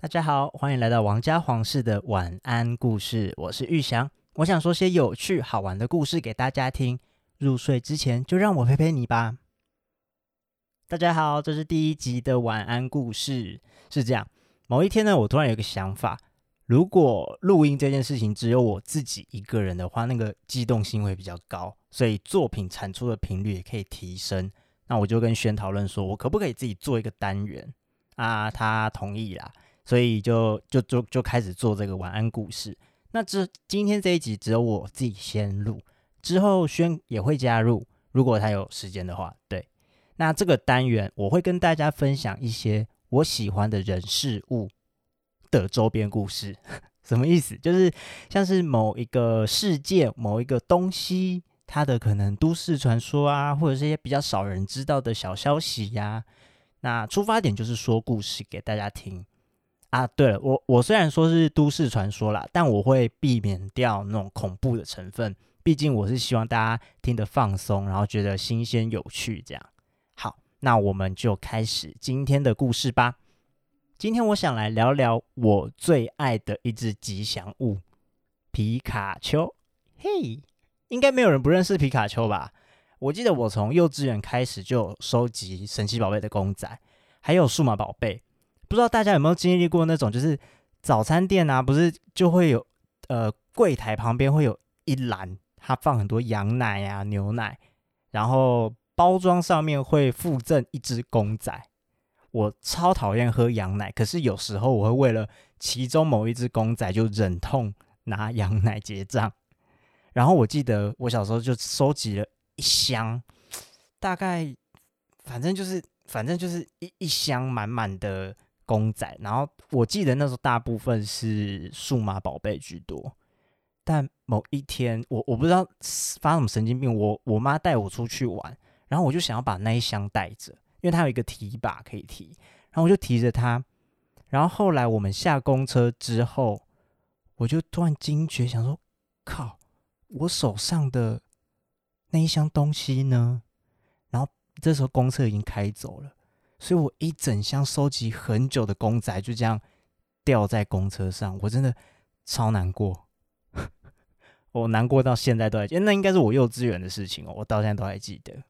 大家好，歡迎來到王家黃室的晚安故事。我是鈺翔，我想說些有趣好玩的故事給大家聽。入睡之前，就讓我陪陪你吧。大家好，這是第一集的晚安故事。是這樣，某一天呢，我突然有個想法，如果錄音這件事情只有我自己一個人的話，那個機動性會比較高，所以作品產出的頻率也可以提升。那我就跟軒討論說，我可不可以自己做一個單元？啊，他同意啦。所以就就就就開始做這個晚安故事。那這今天這一集只有我自己先錄，之後宣也會加入，如果他有時間的話。對，那這個單元我會跟大家分享一些我喜歡的人事物的周邊故事。 什麼意思？就是像是某一個世界，某一個東西，它的可能都市傳說啊，或者是一些比較少人知道的小消息呀、啊。那出發點就是說故事給大家聽。啊，對了，我我雖然說是都市傳說啦，但我會避免掉那種恐怖的成分，畢竟我是希望大家聽得放鬆，然後覺得新鮮有趣這樣。好，那我們就開始今天的故事吧。今天我想來聊聊我最愛的一隻吉祥物——皮卡丘。嘿，應該沒有人不認識皮卡丘吧？我記得我從幼稚園開始就收集神奇寶貝的公仔，還有數碼寶貝。不知道大家有沒有經歷過那種，就是早餐店啊，不是就會有呃櫃台旁邊會有一籃，它放很多羊奶啊、牛奶，然後包裝上面會附贈一只公仔。我超討厭喝羊奶，可是有時候我會為了其中某一只公仔就忍痛拿羊奶結賬。然後我記得我小時候就收集了一箱，大概反正就是反正就是一一箱滿滿的。公仔，然後我記得那時候大部分是數碼寶貝居多，但某一天我我不知道發什麼神經病，我我媽帶我出去玩，然後我就想要把那一箱帶着，因為它有一個提把可以提，然後我就提着它，然後後來我們下公車之後，我就突然驚覺，想說靠，我手上的那一箱東西呢？然後這時候公車已經開走了。所以我一整箱收集很久的公仔就這樣掉在公車上，我真的超難過， 我難過到現在都還記得……那應該是我幼稚園的事情哦，我到現在都還記得。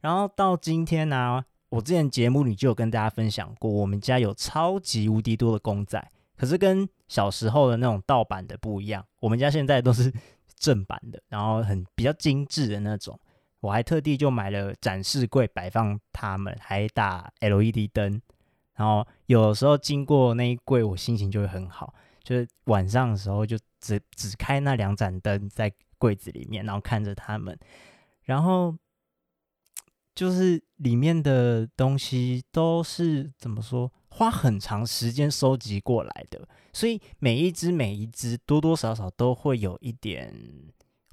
然後到今天呢、啊，我之前節目裡就有跟大家分享過，我們家有超級無敵多的公仔，可是跟小時候的那種盜版的不一樣，我們家現在都是正版的，然後很比較精緻的那種。我還特地就買了展示櫃擺放它們，還打 LED 燈，然後有時候經過那一櫃，我心情就會很好。就是晚上的時候，就只只開那兩盞燈在櫃子裡面，然後看着它們。然後就是裡面的東西都是怎麼說，花很長時間收集過來的，所以每一只每一只多多少少都會有一點。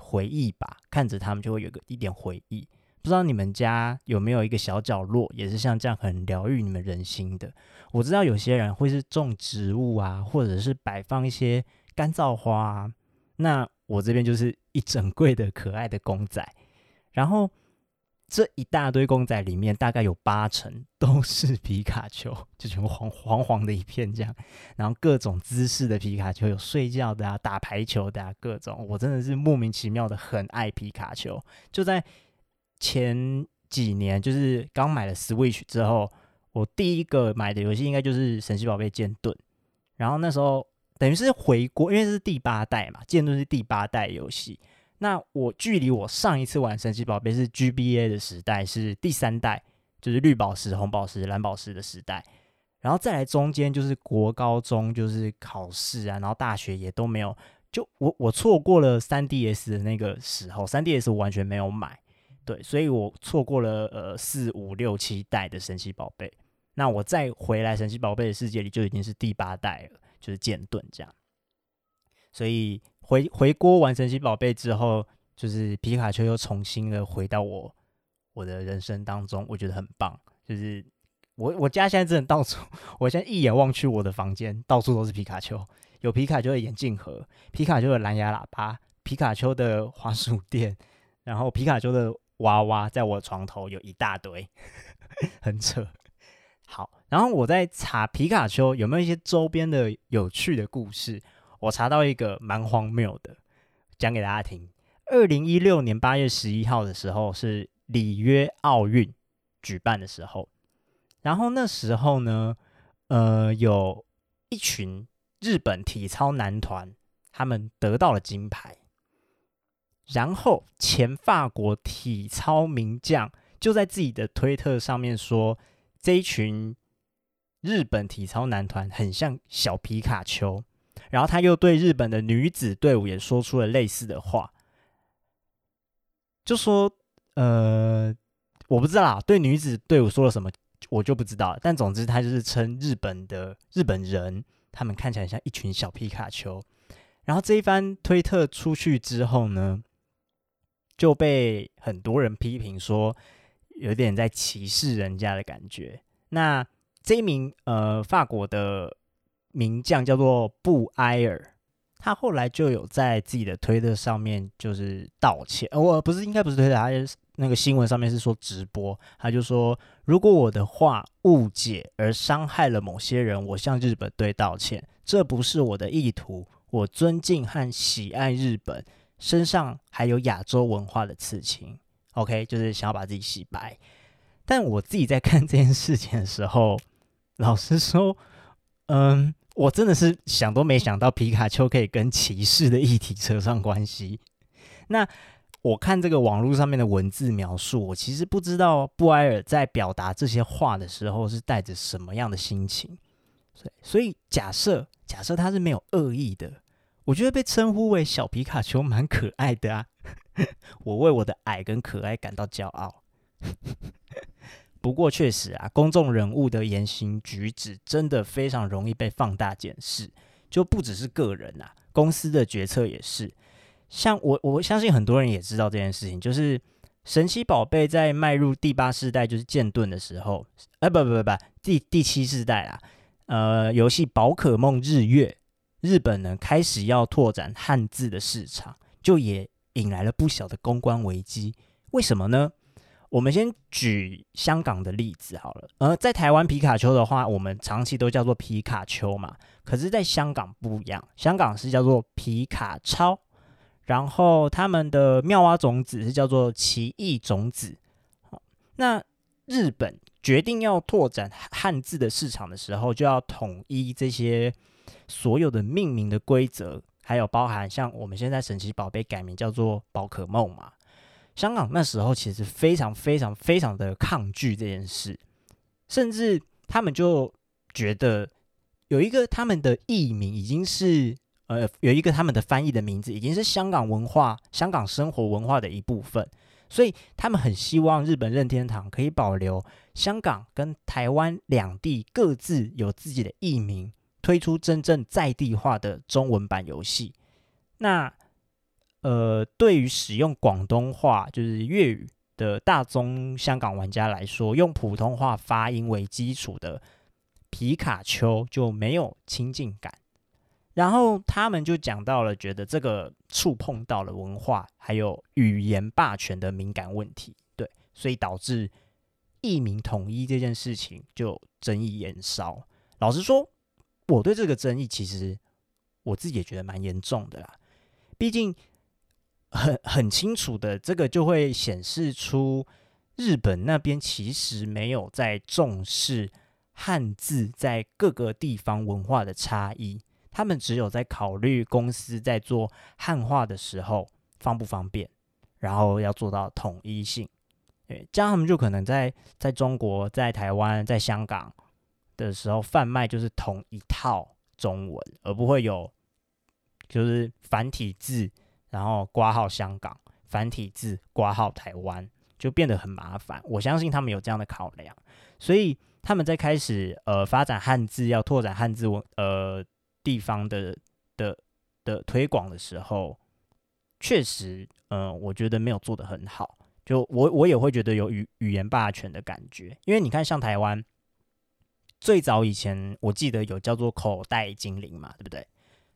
回憶吧，看着他們就會有個一點回憶。不知道你們家有沒有一個小角落，也是像這樣很療癒你們人心的。我知道有些人會是種植物啊，或者是擺放一些乾燥花啊。那我這邊就是一整櫃的可愛的公仔，然後。這一大堆公仔裡面，大概有八成都是皮卡丘，就全部黃黃黃的一片這樣。然後各種姿勢的皮卡丘，有睡覺的啊，打排球的啊，各種。我真的是莫名其妙的很愛皮卡丘。就在前幾年，就是剛買了 Switch 之後，我第一個買的遊戲應該就是《神奇寶貝劍盾》。然後那時候等於是回鍋，因為這是第八代嘛，《劍盾》是第八代遊戲。那我距離我上一次玩神奇寶貝是 G B A 的時代是第三代，就是綠寶石、紅寶石、藍寶石的時代，然後再來中間就是國高中就是考試啊，然後大學也都沒有，就我我錯過了三 D S 的那個時候，三 D S 我完全沒有買，對，所以我錯過了呃四五六七代的神奇寶貝，那我再回來神奇寶貝的世界裡就已經是第八代了，就是劍盾這樣，所以。回回鍋完神奇寶貝之後，就是皮卡丘又重新的回到我我的人生當中，我覺得很棒。就是我我家現在真的到處，我現在一眼望去，我的房間到處都是皮卡丘，有皮卡丘的眼鏡盒，皮卡丘的藍牙喇叭，皮卡丘的滑鼠墊，然後皮卡丘的娃娃在我床頭有一大堆， 很扯。好，然後我在查皮卡丘有沒有一些周邊的有趣的故事。我查到一個蠻荒謬的，講給大家聽。二零一六年八月十一號的時候，是裡約奧運舉辦的時候，然後那時候呢，呃，有一群日本體操男團，他們得到了金牌，然後前法國體操名將就在自己的推特上面說，這一群日本體操男團很像小皮卡丘。然後他又對日本的女子隊伍也說出了類似的話，就說：“呃，我不知道啦，對女子隊伍說了什麼，我就不知道。但總之，他就是稱日本的日本人，他們看起來像一群小皮卡丘。”然後這一番推特出去之後呢，就被很多人批評說，有點在歧視人家的感覺。那這一名呃，法國的。名將叫做布埃爾，他後來就有在自己的推特上面就是道歉，呃、我不是應該不是推特，他、就是那個新聞上面是說直播，他就說如果我的話誤解而傷害了某些人，我向日本隊道歉，這不是我的意圖，我尊敬和喜愛日本，身上還有亞洲文化的刺青，OK，就是想要把自己洗白。但我自己在看這件事情的時候，老實說，嗯。我真的是想都沒想到，皮卡丘可以跟騎士的議題扯上關係。那我看這個網絡上面的文字描述，我其實不知道布埃爾在表達這些話的時候是帶着什麼樣的心情。所以，所以假設假設他是沒有惡意的，我覺得被稱呼為小皮卡丘蠻可愛的啊， 我為我的矮跟可愛感到驕傲。 不過確實啊，公眾人物的言行舉止真的非常容易被放大檢視，就不只是個人啊，公司的決策也是。像我，我相信很多人也知道這件事情，就是神奇寶貝在邁入第八世代，就是劍盾的時候，哎、欸，不不不不，第第七世代啊，呃，遊戲寶可夢日月，日本呢開始要拓展漢字的市場，就也引來了不小的公關危機。為什麼呢？我們先舉香港的例子好了。呃，在台灣皮卡丘的話，我們長期都叫做皮卡丘嘛。可是，在香港不一樣，香港是叫做皮卡超。然後，他們的妙蛙種子是叫做奇異種子。那日本決定要拓展漢字的市場的時候，就要統一這些所有的命名的規則，還有包含像我們現在神奇寶貝改名叫做寶可夢嘛。香港那時候其實非常非常非常的抗拒這件事，甚至他們就覺得有一個他們的譯名已經是呃，有一個他們的翻譯的名字已經是香港文化、香港生活文化的一部分，所以他們很希望日本任天堂可以保留香港跟台灣兩地各自有自己的譯名，推出真正在地化的中文版遊戲。那。呃，對於使用廣東話就是粵語的大眾香港玩家來說，用普通話發音為基礎的皮卡丘就沒有親近感。然後他們就講到了，覺得這個觸碰到了文化還有語言霸權的敏感問題，對，所以導致譯名統一這件事情就爭議延燒。老實說，我對這個爭議其實我自己也覺得蠻嚴重的啦、啊，畢竟。很很清楚的，這個就會顯示出日本那邊其實沒有在重視漢字在各個地方文化的差異，他們只有在考慮公司在做漢化的時候方不方便，然後要做到統一性，哎，這樣他們就可能在在中國、在台灣、在香港的時候販賣就是同一套中文，而不會有就是繁體字。然後掛號香港繁體字，掛號台灣就變得很麻煩。我相信他們有這樣的考量，所以他們在開始呃發展漢字，要拓展漢字文呃地方的的的推廣的時候，確實呃我覺得沒有做得很好。就我我也會覺得有語語言霸權的感覺，因為你看像台灣最早以前我記得有叫做口袋精靈嘛，對不對？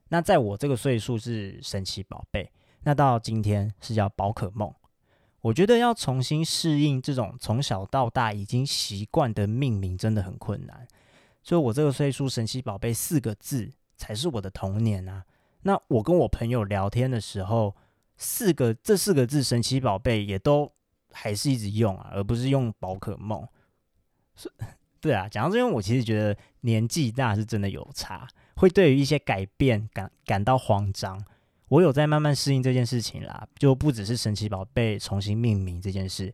那在我這個歲數是神奇寶貝。那到今天是叫寶可夢，我覺得要重新適應這種從小到大已經習慣的命名真的很困難。所以我這個歲數，神奇寶貝四個字才是我的童年啊。那我跟我朋友聊天的時候，四個這四個字神奇寶貝也都還是一直用啊，而不是用寶可夢。是，對啊，講到這邊，我其實覺得年紀大是真的有差，會對於一些改變感感到慌張。我有在慢慢適應這件事情啦，就不只是神奇寶貝重新命名這件事，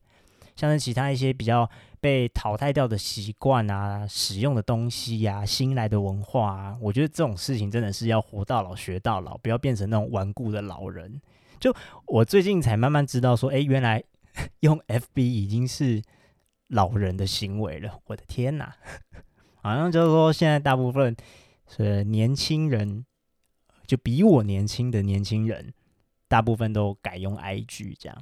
像是其他一些比較被淘汰掉的習慣啊、使用的東西呀、啊、新來的文化啊，我覺得這種事情真的是要活到老學到老，不要變成那種頑固的老人。就我最近才慢慢知道說，誒、欸，原來用 FB 已經是老人的行為了，我的天哪！好像就是說，現在大部分是年輕人。就比我年輕的年輕人，大部分都改用 IG 這樣。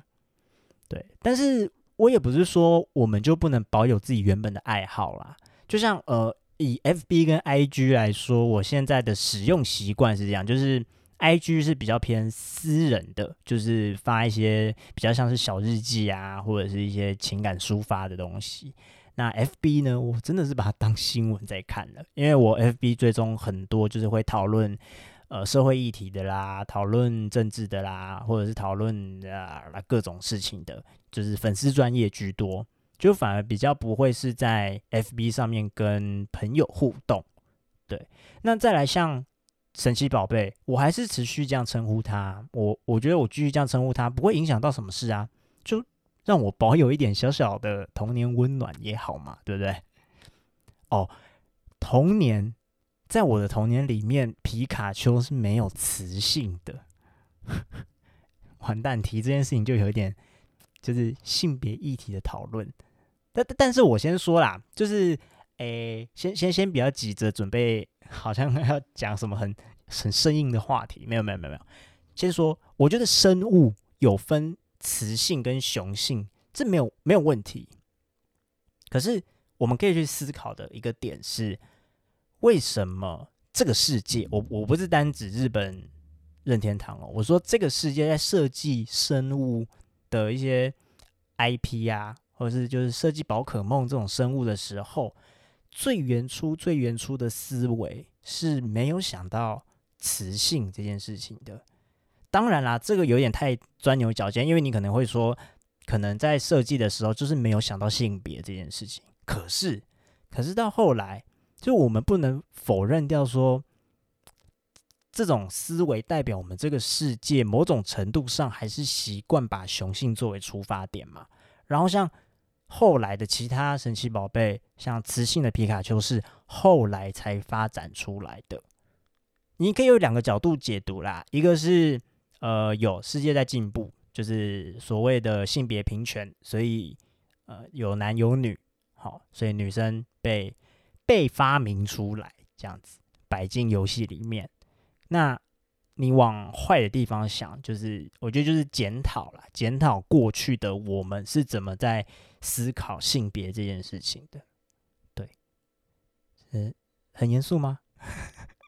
對，但是我也不是說我們就不能保有自己原本的愛好啦。就像呃，以 FB 跟 IG 來說，我現在的使用習慣是這樣，就是 IG 是比較偏私人的，就是發一些比較像是小日記啊，或者是一些情感抒發的東西。那 FB 呢，我真的是把它當新聞在看了，因為我 FB 追蹤很多就是會討論。呃，社會議題的啦，討論政治的啦，或者是討論啊，各種事情的，就是粉絲專頁居多，就反而比較不會是在 FB 上面跟朋友互動。對，那再來像神奇寶貝，我還是持續這樣稱呼他。我我覺得我繼續這樣稱呼他不會影響到什麼事啊，就讓我保有一點小小的童年溫暖也好嘛，對不對？哦，童年。在我的童年裡面，皮卡丘是沒有雌性的。 完蛋，提這件事情就有一點，就是性別議題的討論。但但是我先說啦，就是誒、欸，先先先不要急着準備，好像要講什麼很很生硬的話題。沒有沒有沒有沒有，先說，我覺得生物有分雌性跟雄性，這沒有沒有問題。可是我們可以去思考的一個點是。為什麼這個世界？我我不是單指日本任天堂哦，我說這個世界在設計生物的一些 IP 呀、啊，或者是就是設計寶可夢這種生物的時候，最原初、最原初的思維是沒有想到雌性這件事情的。當然啦，這個有點太鑽牛角尖，因為你可能會說，可能在設計的時候就是沒有想到性別這件事情。可是，可是到後來。就我們不能否認掉說，這種思維代表我們這個世界某種程度上還是習慣把雄性作為出發點嘛。然後像後來的其他神奇寶貝，像雌性的皮卡丘是後來才發展出來的。你可以有兩個角度解讀啦，一個是呃有世界在進步，就是所謂的性別平權，所以呃有男有女，好，所以女生被。被發明出來這樣子擺進遊戲裡面，那你往壞的地方想，就是我覺得就是檢討啦，檢討過去的我們是怎麼在思考性別這件事情的。對，嗯，很嚴肅嗎？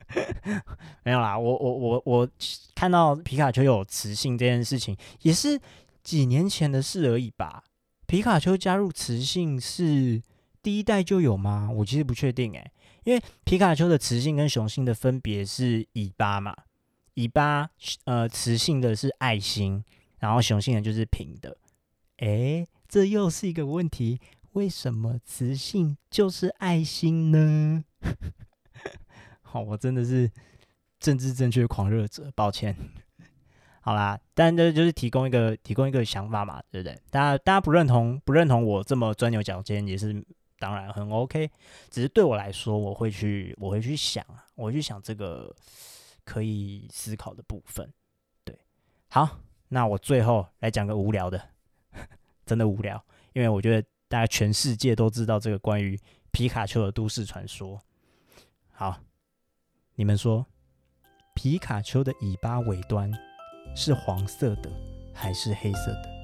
沒有啦，我我我我看到皮卡丘有雌性這件事情也是幾年前的事而已吧。皮卡丘加入雌性是。第一代就有嗎？我其實不確定哎、欸，因為皮卡丘的雌性跟雄性的分別是尾巴嘛，尾巴呃，雌性的是愛心，然後雄性的就是平的。哎，這又是一個問題，為什麼雌性就是愛心呢？ 好，我真的是政治正確狂熱者，抱歉。好啦，但這就是提供一個提供一個想法嘛，對不對？大家大家不認同不認同我這麼鑽牛角尖也是當然很 OK，只是對我來說，我會去，我會去想啊，我會去想這個可以思考的部分。對，好，那我最後來講個無聊的， 真的無聊，因為我覺得大家全世界都知道這個關於皮卡丘的都市傳說。好，你們說，皮卡丘的尾巴尾端是黃色的還是黑色的？